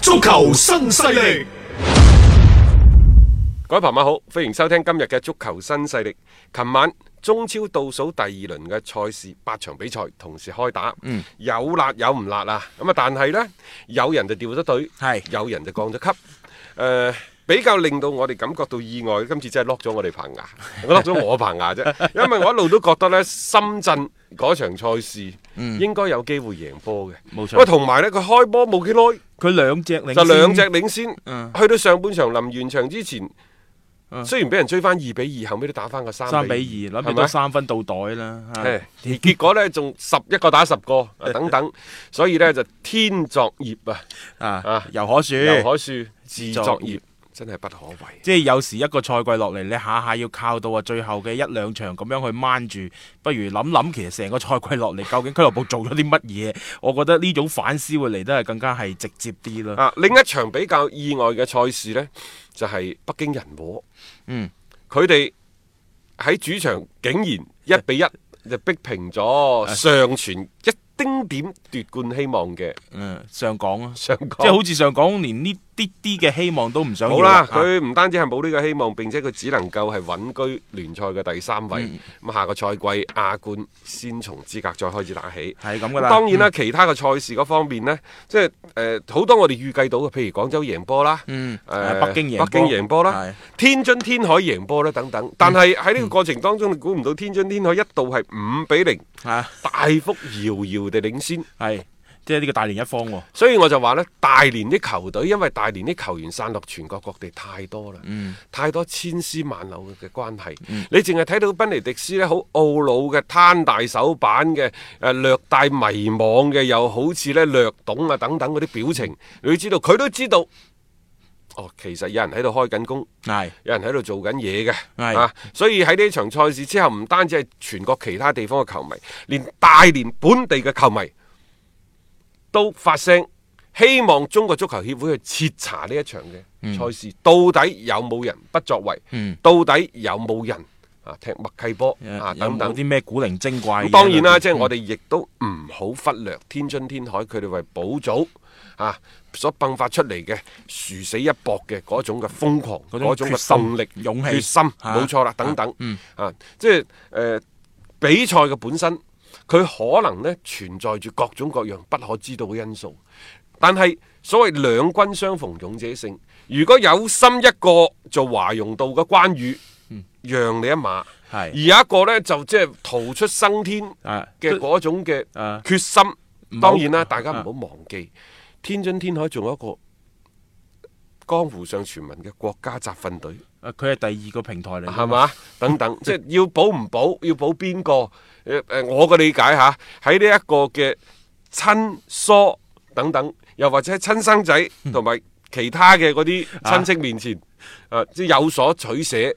足球新勢力，各位朋友好，歡迎收聽今日嘅足球新勢力。琴晚中超倒數第二輪嘅賽事八場比賽同時開打，嗯，有辣有唔辣啊，咁啊，但係呢，有人就掉咗隊，係，有人就降咗級，誒、呃。比較令到我哋感覺到意外，今次真係落咗我哋棚牙，我落咗我棚牙啫。因為我一路都覺得咧，深圳嗰場賽事應該有機會贏波嘅，冇錯。喂，同埋呢，佢開波冇幾耐，佢兩隻就兩隻領先，去到上半場臨完場之前，雖然俾人追翻二比二，後尾都打翻個三三比二，諗住都三分到袋啦。係，結果呢仲十一個打十個，等等，所以呢，就天作孽啊，啊啊，尤可恕，尤可恕，自作孽。真係不可為，啊，即係有時一個賽季落嚟，你下下要靠到啊最後嘅一兩場咁樣去掹住，不如諗諗，其實成個賽季落嚟，究竟俱樂部做咗啲乜嘢？ 我覺得呢種反思會嚟得係更加係直接啲咯，啊。另一場比較意外嘅賽事呢，就係、是、北京人和，嗯，佢哋喺主場竟然一比一就逼平咗尚存一丁點奪冠希望嘅，嗯，上港啊，上港，即係好似上港連呢。啲啲嘅希望都唔想。好啦，佢唔單止係冇呢個希望，並且佢只能夠係穩居聯賽嘅第三位。咁下個賽季亞冠先從資格再開始打起。係咁噶啦。當然啦，其他嘅賽事嗰方面呢，即係誒，好多我哋預計到嘅，譬如廣州贏波啦，北京贏，北京贏波啦，天津天海贏波啦等等。但係喺呢個過程當中，你估唔到天津天海一度係五比零，大幅遙遙地領先，係。即係呢個大連一方喎、啊，所以我就話呢大連啲球隊，因為大連啲球員散落全國各地太多啦，嗯，太多千絲萬縷嘅關係。嗯、你淨係睇到賓尼迪斯呢好懊惱嘅，攤大手板嘅，誒略帶迷惘嘅，又好似呢略懂啊等等嗰啲表情，你知道佢都知道哦。其實有人喺度開緊工，係是有人喺度做緊嘢嘅，是啊。所以喺呢場賽事之後，唔單止係全國其他地方嘅球迷，連大連本地嘅球迷，都發聲，希望中國足球協會去徹查呢一場嘅賽事，到底有冇人不作為？到底有冇人啊踢默契波啊等等啲咩古靈精怪？當然啦，即係我哋亦都唔好忽略天津天海佢哋為補組啊所迸發出嚟嘅殊死一搏嘅嗰種嘅瘋狂嗰種決心、動力勇氣、決心，冇錯啦，等等啊、呃。啊，即係誒比賽嘅本身。佢可能咧存在住各種各樣不可知道嘅因素，但係所謂兩軍相逢勇者勝，如果有心一個做華容道嘅關羽，嗯、讓你一馬，是而有一個咧就即係逃出生天嘅嗰種嘅決心，啊、當然啦，啊、大家唔好忘記，啊、天津天海仲有一個江湖上傳聞嘅國家集訓隊。啊！佢係第二個平台嚟，係嘛？等等， 即係要保唔保？要保邊個？誒誒、呃，我嘅理解吓，喺呢一個嘅親疏等等，又或者親生仔同埋其他嘅嗰啲親戚面前，誒、啊呃，即係有所取捨，誒、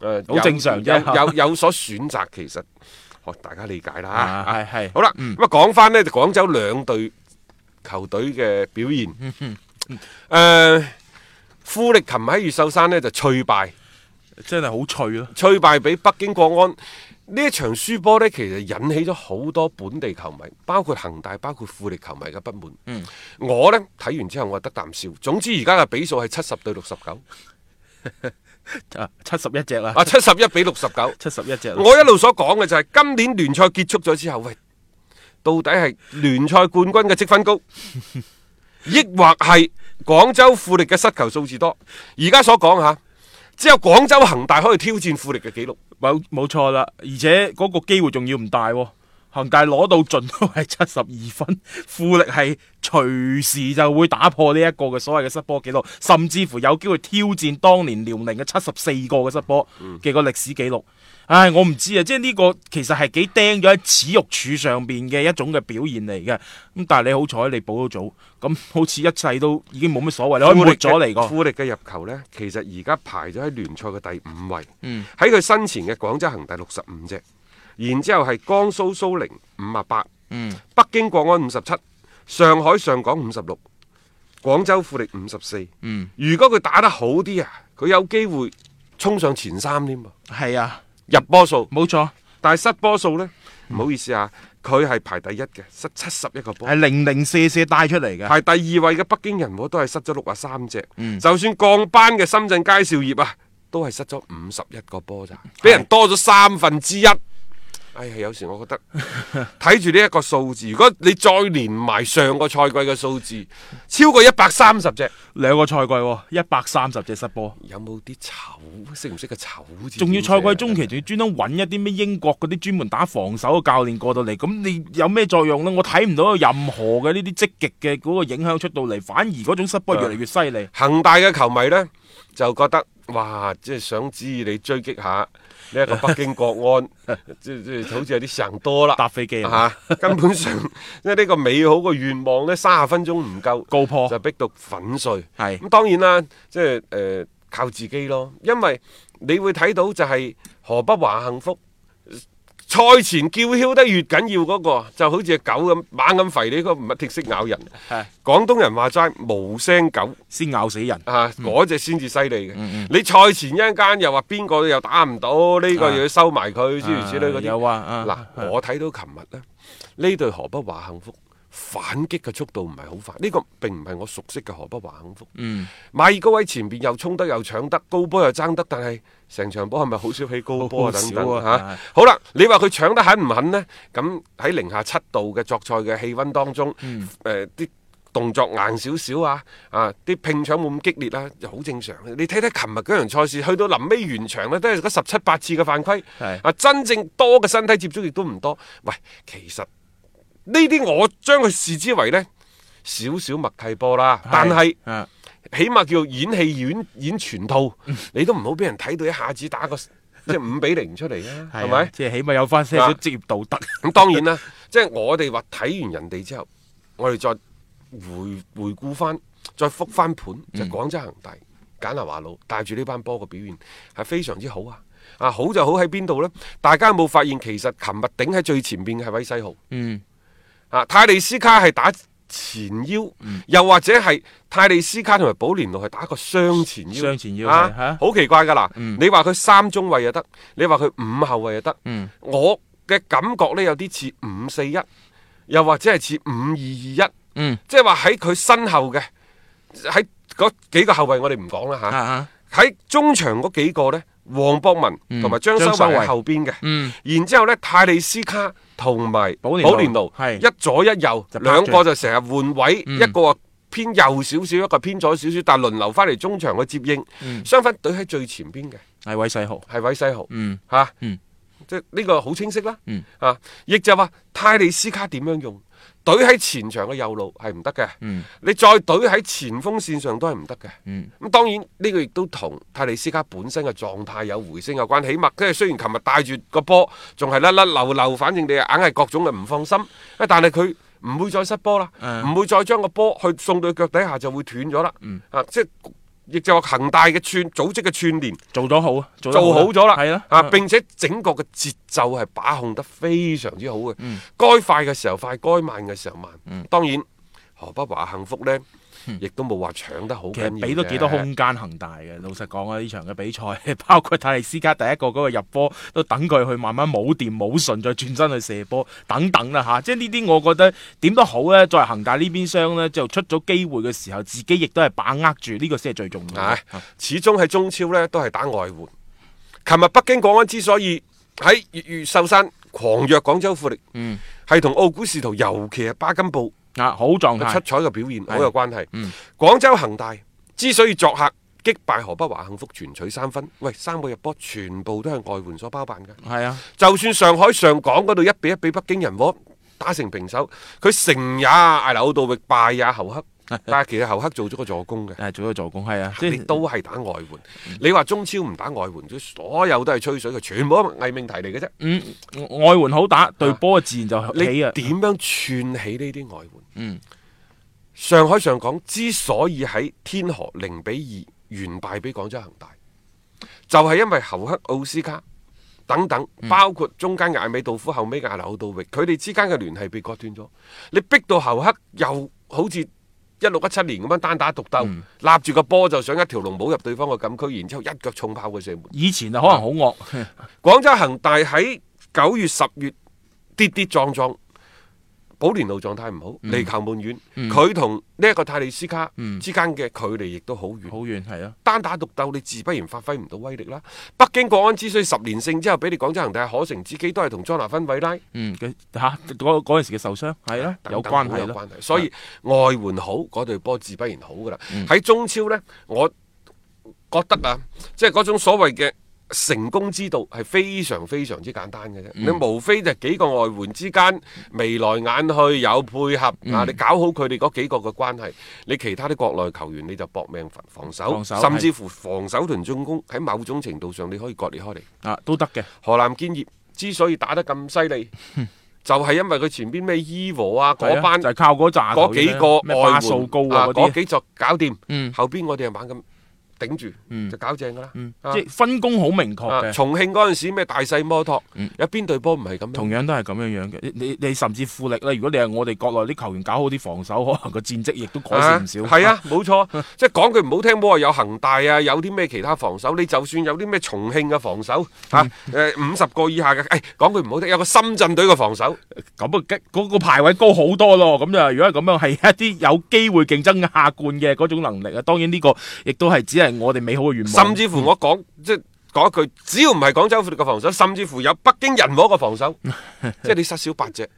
呃，好正常啫有、啊。有有所選擇，其實，哦，大家理解啦。係係好啦，咁啊，講翻呢，廣了、嗯、州兩隊球隊嘅表現，誒、呃。 富力琴日喺越秀山呢就脆敗，真係好脆咯！脆敗俾北京國安呢一場輸波呢，其實引起咗好多本地球迷，包括恒大，包括富力球迷嘅不滿。嗯，我呢睇完之後我得啖笑。總之而家嘅比數係七十對六十九，七十一隻啦，啊，七十一比六十九，七十一隻。我一路所講嘅就係、是、今年聯賽結束咗之後，喂，到底係聯賽冠軍嘅積分高？ 抑或係廣州富力嘅失球數字多？而家所講吓，只有廣州恒大可以挑戰富力嘅紀錄，冇冇錯啦！而且嗰個機會仲要唔大，恒大攞到盡都係七十二分，富力係隨時就會打破呢一個嘅所謂嘅失波記錄，甚至乎有機會挑戰當年遼寧嘅七十四個嘅失波嘅個歷史記錄。唉，我唔知啊！即係呢個其實係幾釘咗喺恥辱柱上邊嘅一種嘅表現嚟嘅。咁但係你好彩，你補咗組，咁好似一切都已經冇乜所謂。力你可以滅咗嚟個富力嘅入球呢。其實而家排咗喺聯賽嘅第五位。喺佢身前嘅廣州恒大六十五只，然之後係江蘇蘇寧五啊八。北京國安五十七，上海上港五十六，廣州富力五十四。如果佢打得好啲啊，佢有機會衝上前三添。係啊。入波數冇錯，錯但係失波數呢？唔、嗯、好意思啊，佢係排第一嘅，失七十一個波，係零零四四帶出嚟嘅，係第二位嘅北京人，我都係失咗六啊三隻，就算降班嘅深圳佳兆業啊，都係失咗五十一個波咋，俾是人多咗三分之一。哎呀，有時我覺得睇住呢一個數字，如果你再連埋上,上個賽季嘅數字，超過一百三十隻兩個賽季、哦，一百三十隻失波，有冇啲醜？識唔識嘅醜字？仲要賽季中期，仲要專登揾一啲咩英國嗰啲專門打防守嘅教練過到嚟，咁你有咩作用呢？我睇唔到有任何嘅呢啲積極嘅嗰個影響出到嚟，反而嗰種失波越嚟越犀利。恒大嘅球迷呢？就覺得哇，即係想指知你追擊下呢一個北京國安，即係即係好似有啲成多啦，搭飛機吓、 啊，根本上因為呢個美好嘅願望呢，三十分鐘唔夠告破，就逼到粉碎。係咁是、嗯、當然啦，即係誒、呃、靠自己咯，因為你會睇到就係河北華夏幸福。賽前叫囂得越緊要嗰、那個，就好似狗咁猛咁吠你、那個，個唔係鐵識咬人。係是廣東人話齋，無聲狗先咬死人啊！嗰隻先至犀利嘅。嗯嗯嗯、你賽前一陣間又話邊個又打唔到呢、這個要收埋佢諸如此類嗰啲、啊。有啊嗱，啊嘞是我睇到琴日呢，呢對河北華夏幸福。反擊嘅速度唔係好快，呢、這個並唔係我熟悉嘅河北華夏幸福。嗯，馬爾高喺前邊又衝得又搶得，高波又爭得，但係成場波係咪好少起高波等等吓？好啦，你話佢搶得狠唔狠呢？咁喺零下七度嘅作賽嘅氣溫當中，誒、嗯，啲、呃、動作硬少少啊，啊，啲拼搶冇咁激烈啦、啊，就好正常、啊。你睇睇琴日嗰場賽事，去到臨尾完場呢，都係嗰十七八次嘅犯規，是啊，真正多嘅身體接觸亦都唔多。喂，其實。呢啲我將佢視之為呢，少少默契波啦，但係起碼叫演戲，演演全套，嗯、你都唔好俾人睇到一下子打個即係五比零出嚟啊，係咪的？吧即係起碼有翻少少職業道德。咁的 當然啦，即、就、係、是、我哋話睇完人哋之後，我哋再回回顧翻，再復翻盤就廣、是、州恒大、嗯、簡南華佬帶住呢班波嘅表現係非常之好啊！啊，好就好喺邊度呢？大家有冇發現？其實琴日頂喺最前面嘅係韋世豪，嗯。嗯啊，泰利斯卡係打前腰，嗯、又或者係泰利斯卡同埋保聯奴係打個雙前腰，雙前腰，吓、啊，好奇怪噶啦、嗯！你話佢三中衛又得，你話佢五後衛又得，嗯、我嘅感覺呢，有啲似五四一，又或者係似五二二一，即係話喺佢身後嘅，喺嗰幾個後衛我哋唔講啦吓，喺、啊、哈中場嗰幾個呢。黃博文同埋張修維後邊嘅，然之後咧泰利斯卡同埋保連奴係一左一右，兩個就成日換位，一個偏右少少，一個偏左少少，但係輪流翻嚟中場去接應。雙飛隊喺最前邊嘅，係韋世豪，係韋世豪，吓，即係呢個好清晰啦，吓，亦就話泰利斯卡點樣用。懟喺前場嘅右路係唔得嘅，嗯、你再懟喺前鋒線上都係唔得嘅。咁、嗯、當然呢、這個亦都同泰利斯卡本身嘅狀態有回升有關。起碼，即係雖然琴日帶住個波仲係甩甩漏漏，反正你硬係各種嘅唔放心。但係佢唔會再失波啦，嗯、唔會再將個波去送到腳底下就會斷咗啦。嗯、啊，即係。亦就話恒大嘅串組織嘅串聯做咗好，做好咗啦，係咯的啊！的並且整個嘅節奏係把控得非常之好嘅，嗯，該快嘅時候快，該慢嘅時候慢，嗯，當然。河北華夏幸福呢，亦都冇話搶得好、嗯，其實俾咗幾多空間恒大嘅。老實講啊，呢場嘅比賽，包括泰利斯卡第一個嗰個入波，都等佢去慢慢冇掂、冇順，再轉身去射波等等啦嚇、啊。即係呢啲，我覺得點都好咧，作為恒大呢邊商呢，就出咗機會嘅時候，自己亦都係把握住呢、呢個先係最重要、哎。始終喺中超呢，都係打外援。琴日北京國安之所以喺越秀山狂虐廣州富力，嗯，係同奧古斯圖，尤其係巴金布。啊，好狀態，出彩嘅表現好有關係。廣、啊嗯、州恒大之所以作客擊敗河北華夏幸福，全取三分。喂，三個入波全部都係外援所包辦嘅。係啊，就算上海上港嗰度一比一俾北京人和打成平手，佢成也柳倒，亦、啊、敗也后黑。但係其實侯克做咗個助攻嘅，做咗助攻，係啊，即係你都係打外援。你話中超唔打外援，所有都係吹水嘅，全部偽命題嚟嘅啫。嗯，外援好打，對波自然就起啊。點樣串起呢啲外援？嗯，上海上港之所以喺天河零比二完敗俾廣州恒大，就係因為侯克、奧斯卡等等，包括中間艾美杜夫、後尾亞歷奧杜域，佢哋之間嘅聯繫被割斷咗，你逼到侯克又好似。一六一七年咁樣單打獨鬥，立住、嗯、個波就想一條龍冇入對方嘅禁區，然之後一腳重炮嘅射門。以前就可能好惡。啊、 廣州恒大喺九月十月跌跌撞撞。保聯路狀態唔好，離、嗯、球門遠，佢同呢一個泰利斯卡之間嘅距離亦都好遠，好遠係啊，單打獨鬥你自不然發揮唔到威力啦。北京國安只需十年勝之後俾你廣州恒大可乘之機，都係同莊拿芬維拉，嗯嘅吓嗰嗰陣時嘅受傷係、啊、啦，有關係咯，所以外援好，嗰隊波自不然好噶啦。喺、嗯、中超呢，我覺得啊，即係嗰種所謂嘅。成功之道係非常非常之簡單嘅啫，嗯、你無非就幾個外援之間眉來眼去有配合、嗯、啊，你搞好佢哋嗰幾個嘅關係，你其他啲國內球員，你就搏命防防守，防守甚至乎防守同進攻喺某種程度上你可以割裂開嚟、啊、都得嘅。河南建業之所以打得咁犀利，就係因為佢前邊咩 Evo 啊嗰班就係靠嗰扎嗰幾個外援數高啊嗰、啊、幾座搞掂，嗯、後邊我哋係玩咁。頂住，嗯、就搞正噶啦，嗯啊、即係分工好明確、啊、重慶嗰陣時咩大細摩托，有邊隊波唔係咁？樣同樣都係咁樣樣嘅。你你甚至富力啦，如果你係我哋國內啲球員搞好啲防守，可能個戰績亦都改善唔少。係啊，冇、啊、錯。即係講句唔好聽，冇話有恒大啊，有啲咩其他防守，你就算有啲咩重慶嘅防守，吓、嗯，誒五十個以下嘅，誒、哎、講句唔好聽，有個深圳隊嘅防守，咁啊、嗯，嗯嗯嗯、個排位高好多咯。咁、嗯、就係、如果係咁樣，係一啲有機會競爭亞冠嘅嗰種能力啊。當然呢個亦都係只係。我哋美好嘅願望，甚至乎我講即係講一句，只要唔係廣州富力嘅防守，甚至乎有北京人和嘅防守， 即係你失少八隻，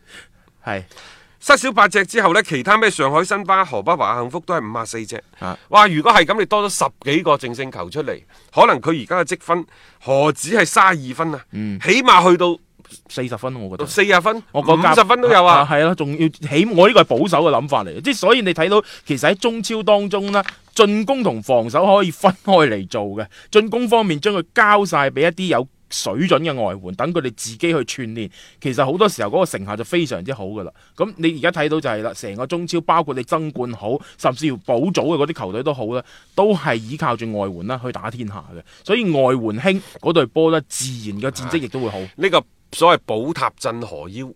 係是失少八隻之後呢，其他咩上海申花、河北華幸福都係五十四隻，哇是！如果係咁，你多咗十幾個淨勝球出嚟，可能佢而家嘅積分何止係卅二分啊？嗯，起碼去到。四十分，我覺得四十分，我講五十分都有啊，係啊，仲、啊、要起我呢個係保守嘅諗法嚟，即係所以你睇到，其實喺中超當中啦，進攻同防守可以分開嚟做嘅，進攻方面將佢交晒俾一啲有。水準嘅外援，等佢哋自己去串聯，其實好多時候嗰個成效就非常之好噶啦。咁你而家睇到就係啦，成個中超包括你爭冠好，甚至乎保組嘅嗰啲球隊都好啦，都係依靠住外援啦去打天下嘅。所以外援興，嗰隊波咧自然嘅戰績亦都會好。呢、哎這個所謂寶塔鎮河妖，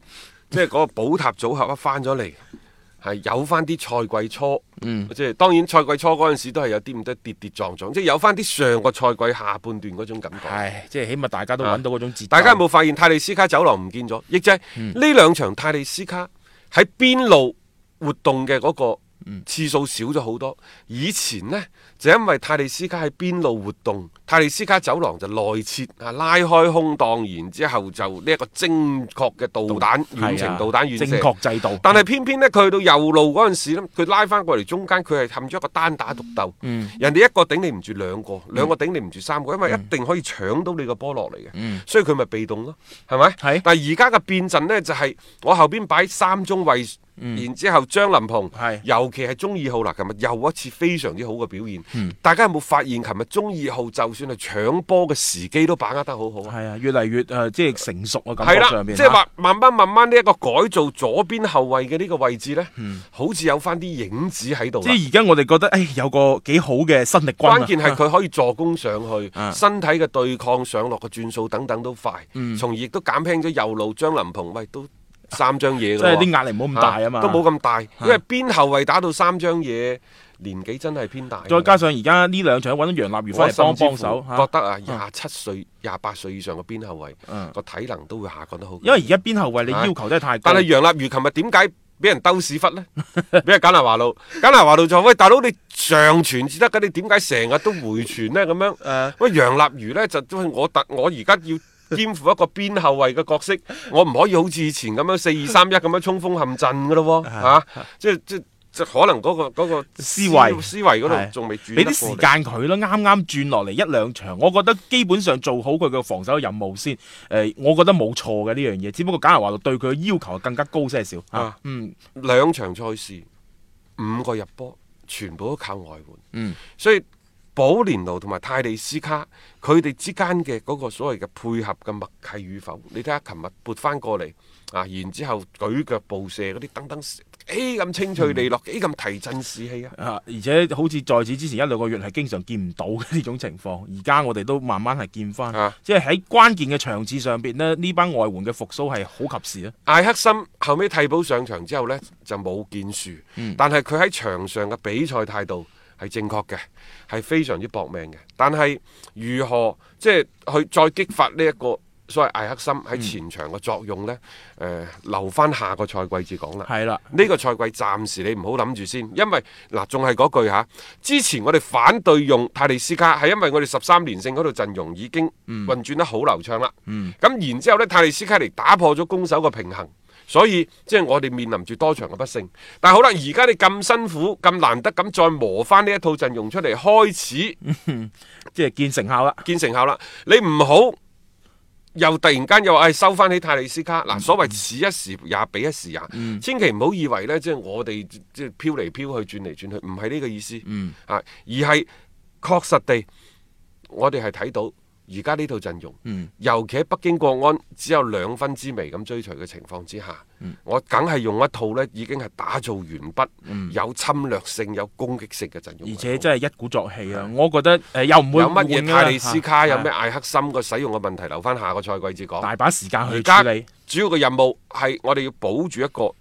即係嗰個寶塔組合一翻咗嚟。 係有翻啲賽季初，嗯、即係當然賽季初嗰陣時都係有啲咁多跌跌撞撞，即、就、係、是、有翻啲上個賽季下半段嗰種感覺。係即係起碼大家都揾到嗰種節奏。大家有冇發現泰利斯卡走廊唔見咗？亦即係呢兩場泰利斯卡喺邊路活動嘅嗰、那個。次數少咗好多，以前呢，就因為泰利斯卡喺邊路活動，泰利斯卡走廊就內切，啊拉開空檔，然之後就呢一個精確嘅導彈遠程導彈遠、啊、射，精確制度。但係偏偏呢，佢去到右路嗰陣時咧，佢拉翻過嚟中間，佢係陷入一個單打獨鬥，嗯、人哋一個頂你唔住兩個，兩個頂你唔住三個，因為一定可以搶到你個波落嚟嘅，嗯、所以佢咪被動咯，係咪？是但係而家嘅變陣呢，就係我後邊擺三中衛。嗯、然之後張林鵬，是尤其係中二號嗱，琴日又一次非常之好嘅表現。嗯、大家有冇發現琴日中二號就算係搶波嘅時機都把握得好好啊？係啊，越嚟越誒、呃，即係成熟啊。啊感覺係啦，即係話慢慢慢慢呢一，這個改造左邊後衞嘅呢個位置咧，嗯、好似有翻啲影子喺度。即係而家我哋覺得，誒、哎、有個幾好嘅新力軍啊。關鍵係佢可以助攻上去，啊啊，身體嘅對抗上落嘅轉數等等都快，從、嗯、而亦都減輕咗右路張林鵬，喂，喂都。都三張嘢，即係啲壓力冇咁大啊嘛，啊都冇咁大，因為邊後衛打到三張嘢，年紀真係偏大。再加上而家呢兩場揾到楊立如返嚟幫幫手，啊、覺得啊，廿七歲、廿八歲以上嘅邊後衛個、啊、體能都會下降得好。因為而家邊後衛你要求真係太、啊，但係楊立如琴日點解俾人兜屎忽咧？俾阿簡拿華路，簡拿華路就喂大佬，你上傳至得㗎，咁你點解成日都回傳呢？咁樣？呃、喂楊立如咧就都係我突，我而家要。肩負一個邊後衛嘅角色，我唔可以好似以前咁樣四二三一咁樣衝鋒陷陣噶咯喎嚇，即係即係可能嗰、嗰個、嗰個思維思維嗰度仲未轉俾啲時間佢咯，啱啱轉落嚟一兩場，我覺得基本上做好佢嘅防守任務先。誒、呃，我覺得冇錯嘅呢樣嘢，只不過假如話，對佢嘅要求更加高些少。啊，啊嗯，兩場賽事五個入波，全部都靠外援。嗯，嗯所以。保連奴同埋泰利斯卡佢哋之間嘅嗰個所謂嘅配合嘅默契與否，你睇下琴日撥翻過嚟啊，然之後舉腳步射嗰啲等等，哎咁清脆利落，哎咁、嗯、提振士氣啊！啊，而且好似在此之前一兩個月係經常見唔到嘅呢種情況，而家我哋都慢慢係見翻，啊、即係喺關鍵嘅場次上邊呢，呢班外援嘅復甦係好及時啊，啊！艾克森後尾替補上場之後呢，就冇建樹，嗯、但係佢喺場上嘅比賽態度。係正確嘅，係非常之搏命嘅。但係如何即係去再激發呢、這、一個所謂艾克森喺前場嘅作用呢？誒、嗯呃，留翻下個賽季至講啦。係啦，呢個賽季暫時你唔好諗住先，因為嗱，仲係嗰句吓，之前我哋反對用泰利斯卡，係因為我哋十三連勝嗰度陣容已經運轉得好流暢啦。咁、嗯嗯、然之後咧，泰利斯卡嚟打破咗攻守個平衡。所以即係我哋面臨住多場嘅不勝，但係好啦，而家你咁辛苦咁難得咁再磨翻呢一套陣容出嚟，開始即係見成效啦，見 成效啦！你唔好又突然間又話、哎、收翻起泰利斯卡嗱，所謂此一時也彼一時也，嗯、千祈唔好以為呢，即係我哋即係飄嚟飄去轉嚟轉去，唔係呢個意思，啊、嗯，而係確實地，我哋係睇到。而家呢套陣容，嗯、尤其喺北京國安只有兩分之微咁追隨嘅情況之下，嗯、我梗係用一套呢已經係打造完畢、嗯、有侵略性、有攻擊性嘅陣容，而且真係一鼓作氣啊！的我覺得誒、呃、又唔會有乜嘢泰利斯卡有咩艾克森個使用嘅問題留翻下個賽季至講，大把時間去處理。而家主要嘅任務係我哋要保住一個，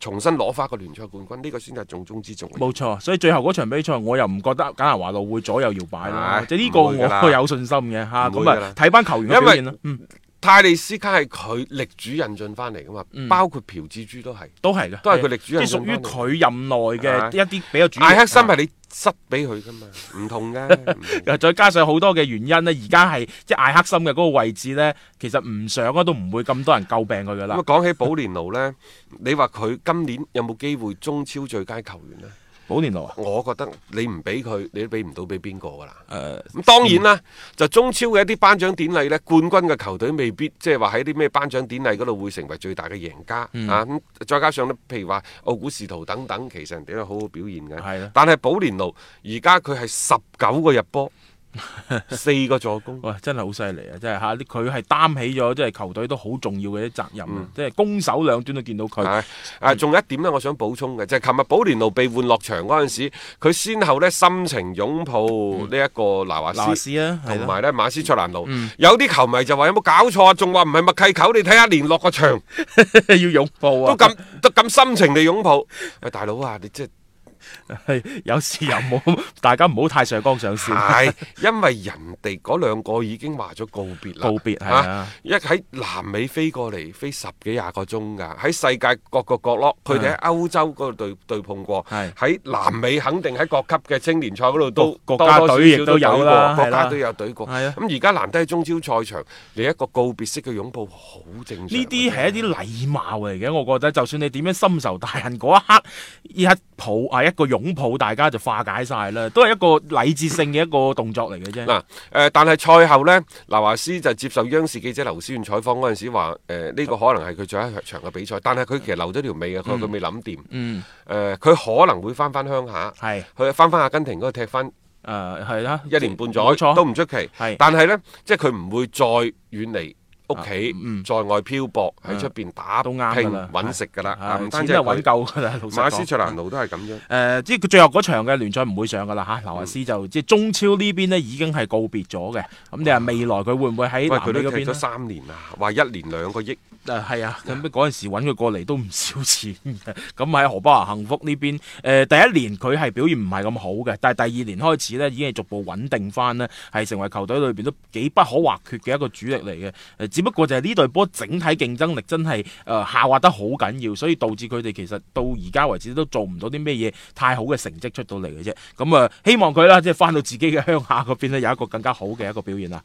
重新攞翻個聯賽冠軍，呢、這個先係重中之重。冇錯，所以最後嗰場比賽，我又唔覺得簡拿華路會左右搖擺啦。即係呢個我有信心嘅吓。咁啊，睇翻球員嘅表現，因為嗯。泰利斯卡係佢力主引進翻嚟㗎嘛，嗯、包括朴智珠都係，都係咯，都係佢力主。啲屬於佢任內嘅一啲比較主要、啊、艾克森係你塞俾佢㗎嘛，唔 同㗎，再 加上好多嘅原因呢，而家係即係艾克森嘅嗰個位置呢，其實唔想啊都唔會咁多人詬病佢㗎啦。咁、嗯、講起保連奴呢， 你話佢今年有冇機會中超最佳球員呢？保年路啊！我覺得你唔俾佢，你都俾唔到俾邊個㗎啦。誒、呃，咁當然啦，就中超嘅一啲頒獎典禮咧，冠軍嘅球隊未必即係話喺啲咩頒獎典禮嗰度會成為最大嘅贏家，嗯、啊。咁再加上咧，譬如話奧古斯圖等等，其實人哋都好好表現嘅。的但係保年路而家佢係十九個入波。 四個助攻，哇，真係好犀利啊！真係吓，佢係擔起咗，即、就、係、是、球隊都好重要嘅一責任，嗯、即係攻守兩端都見到佢。啊，仲、嗯、有一點呢，我想補充嘅就係琴日寶蓮路被換落場嗰陣時，佢先後呢深情擁抱呢一個嗱華斯，華、嗯、啊，同埋、啊、呢馬斯出難路。嗯、有啲球迷就話有冇搞錯啊？仲話唔係默契球？你睇下連落個場 要擁抱，都咁都咁深情地擁抱。喂，大佬啊，你真係～係有時又冇，大家唔好太上綱上線。係，因為人哋嗰兩個已經話咗告別啦，告別係啊。一喺南美飛過嚟，飛十幾廿個鐘噶。喺世界各個角落，佢哋喺歐洲嗰度對對碰過，係喺南美肯定喺各級嘅青年賽嗰度都國家隊亦都有啦，國家都有隊過。係啊。咁而家難得喺中超賽場，你一個告別式嘅擁抱，好正常。呢啲係一啲禮貌嚟嘅，我覺得，就算你點樣深仇大恨嗰一刻，一抱啊一。個擁抱大家就化解晒啦，都係一個禮節性嘅一個動作嚟嘅啫。嗱，誒、呃，但係賽後呢，劉華斯就接受央視記者劉思遠採訪嗰陣時話：呢、呃呢個可能係佢最後一場嘅比賽，但係佢其實留咗條尾嘅，佢話佢未諗掂。嗯。誒，佢、嗯呃、可能會翻翻鄉下，係去翻翻阿根廷嗰度踢翻。誒，係啦，一年半載、呃、都唔出奇。的但係呢，即係佢唔會再遠離屋企，嗯、在外漂泊喺出邊打拼都啱揾食噶啦，唔單止錢都係揾夠噶啦。老馬斯卓蘭奴都係咁樣。誒、呃，即係佢最後嗰場嘅聯賽唔會上噶啦吓，劉亞斯就、嗯、即係中超邊呢邊咧已經係告別咗嘅。咁、嗯、你話未來佢會唔會喺佢呢嗰邊？喂，佢提咗三年啊，話一年兩個億。 誒，係啊！咁嗰陣時搵佢過嚟，都唔少錢嘅。咁 喺、嗯、河北華夏幸福呢邊誒，第一年佢係表現唔係咁好嘅，但係第二年開始呢已經係逐步穩定翻咧，係成為球隊裏邊都幾不可或缺嘅一個主力嚟嘅、呃。只不過就係呢隊波整體競爭力真係誒、呃、下滑得好緊要，所以導致佢哋其實到而家為止都做唔到啲咩嘢太好嘅成績出到嚟嘅啫。咁、嗯、啊、呃，希望佢啦，即係翻到自己嘅鄉下嗰邊呢，有一個更加好嘅一個表現啦。